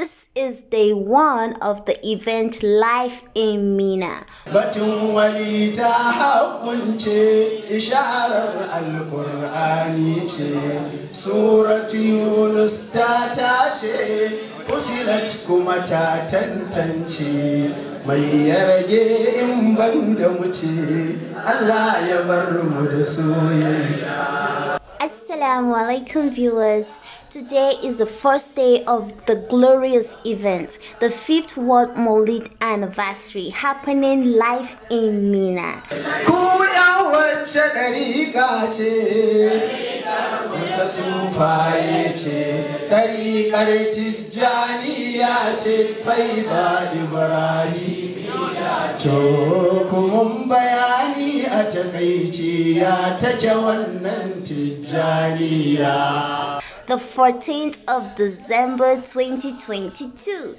This is day one of the event live in Mina. Batun wali ta hakunce isharar alkur'ani ce, Surat Yunus ta tace, Fusilat kuma ta tantance, mai yarage rage in ban da muce, Allah ya bar mu da soyayya. Assalamu alaikum viewers. Today is the first day of the glorious event, the fifth World Molid anniversary happening live in Mina. The 14th of December 2022.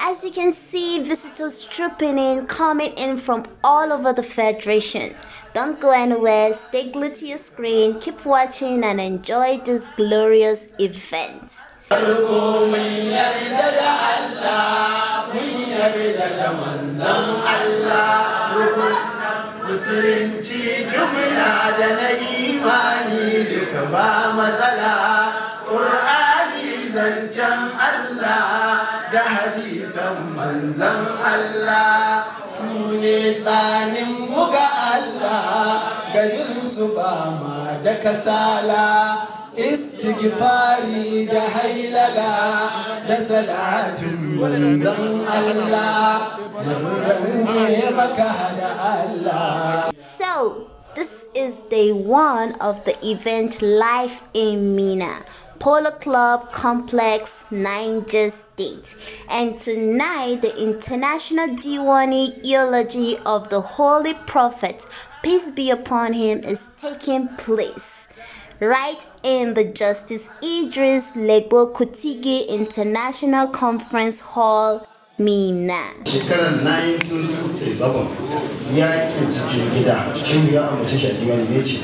As you can see, visitors trooping in, coming in from all over the Federation. Don't go anywhere, stay glued to your screen, keep watching, and enjoy this glorious event. Allah musulunci jumla da na imani duka ba matsala ƙur'ani zancen Allah da hadisan manzan Allah su ne tsanin muga Allah ganin su ba ma da kasala istighfari da hailala da salatin manzon Allah da So, this is day one of the event live in Mina, Polo Club Complex, Niger State. And tonight, the International Diwani Eulogy of the Holy Prophet, peace be upon him, is taking place right in the Justice Idris Legbo Kutigi International Conference Hall mina shekarar 1957 ya yi cikin gida kin ya amince da imani ne ce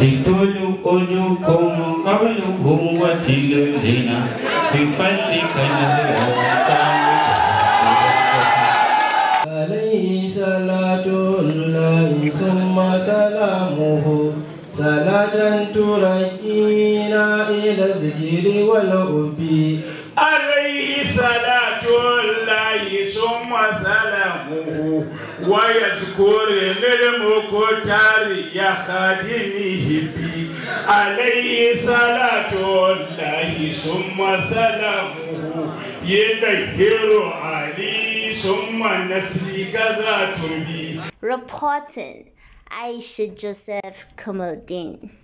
لتولوا أجوكم قبلهم وتلولنا بفضلك نذرنا عليه صلاة الله salatan turai ina na zikiri wal hubbi alayhi salatu wallahi summa salamu kore yashkuru lil mukhtari ya khadimihi bi alayhi salatu wallahi summa salamu yenda hero ali summa nasri kaza tumi reporting I should just have Kamal Din.